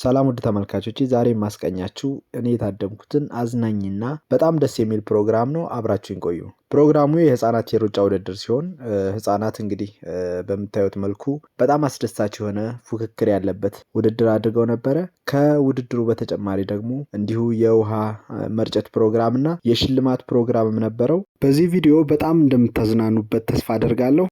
ሰላም ውድ ተመልካቾች፣ ዛሬ የማስቀኛችሁ እኔ የታደምኩትን አዝናኝና በጣም ደስ የሚል ፕሮግራም ነው። አብራችሁን ቆዩ። ፕሮግራሙ የህፃናት የሩጫ ውድድር ሲሆን ህፃናት እንግዲህ በምታዩት መልኩ በጣም አስደሳች የሆነ ፉክክር ያለበት ውድድር አድርገው ነበረ። ከውድድሩ በተጨማሪ ደግሞ እንዲሁ የውሃ መርጨት ፕሮግራም እና የሽልማት ፕሮግራምም ነበረው። በዚህ ቪዲዮ በጣም እንደምታዝናኑበት ተስፋ አደርጋለሁ።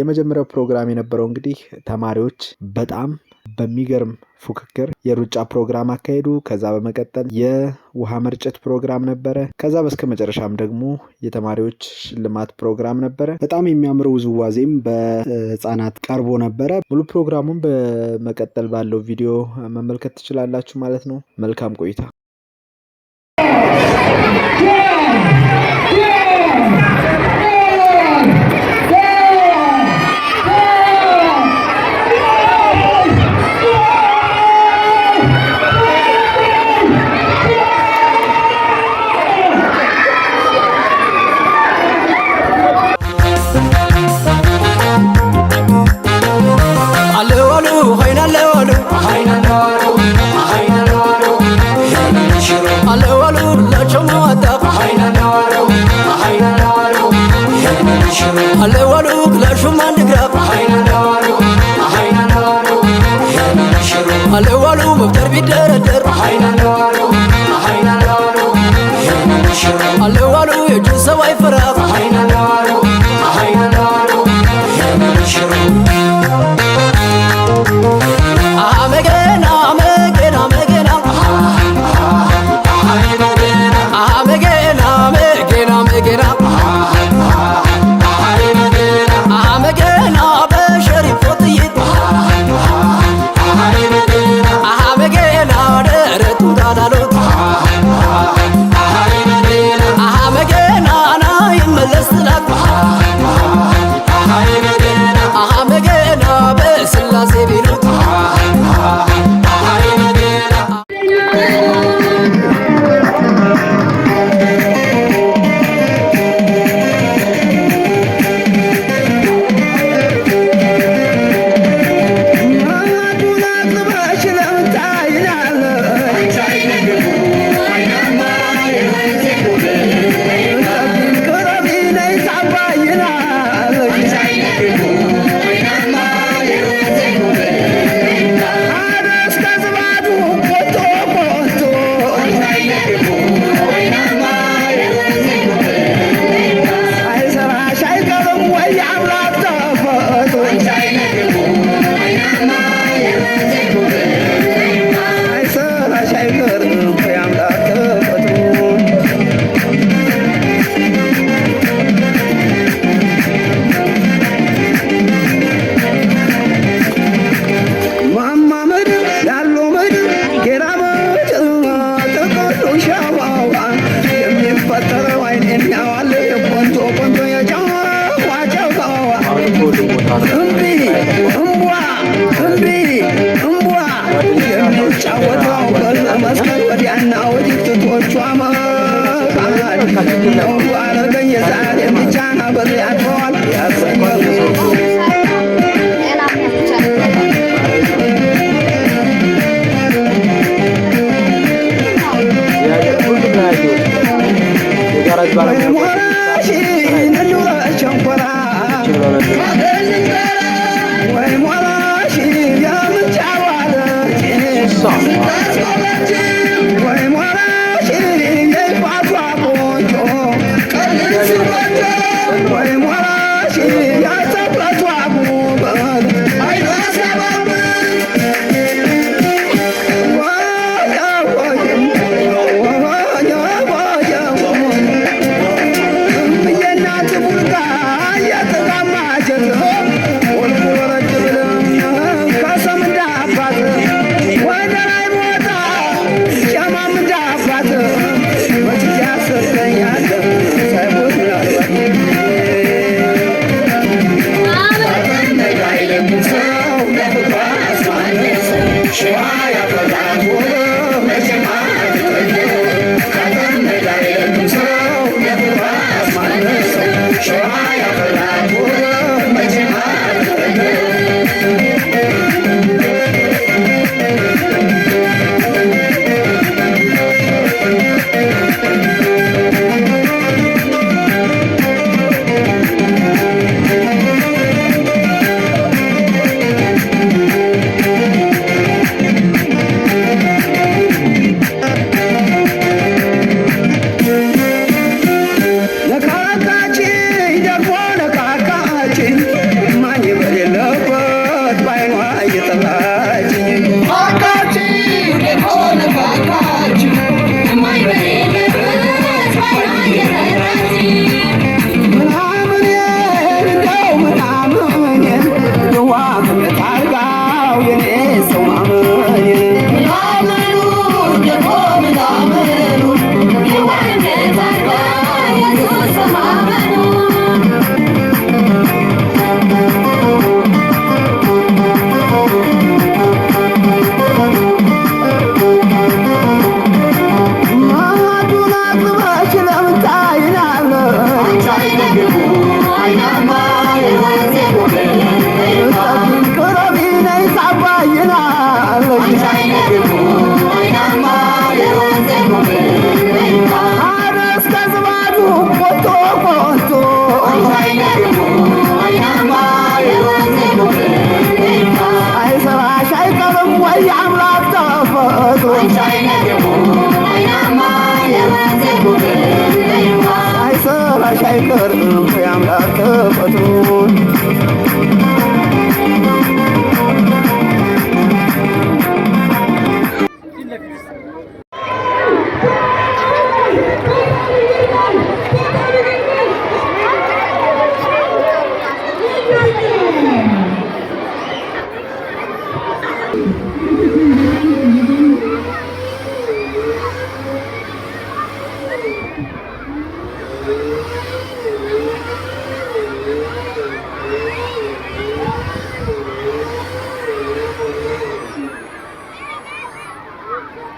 የመጀመሪያው ፕሮግራም የነበረው እንግዲህ ተማሪዎች በጣም በሚገርም ፉክክር የሩጫ ፕሮግራም አካሄዱ። ከዛ በመቀጠል የውሃ መርጨት ፕሮግራም ነበረ። ከዛ በስከ መጨረሻም ደግሞ የተማሪዎች ሽልማት ፕሮግራም ነበረ። በጣም የሚያምር ውዝዋዜም በህፃናት ቀርቦ ነበረ። ሙሉ ፕሮግራሙን በመቀጠል ባለው ቪዲዮ መመልከት ትችላላችሁ ማለት ነው። መልካም ቆይታ Gracias. 为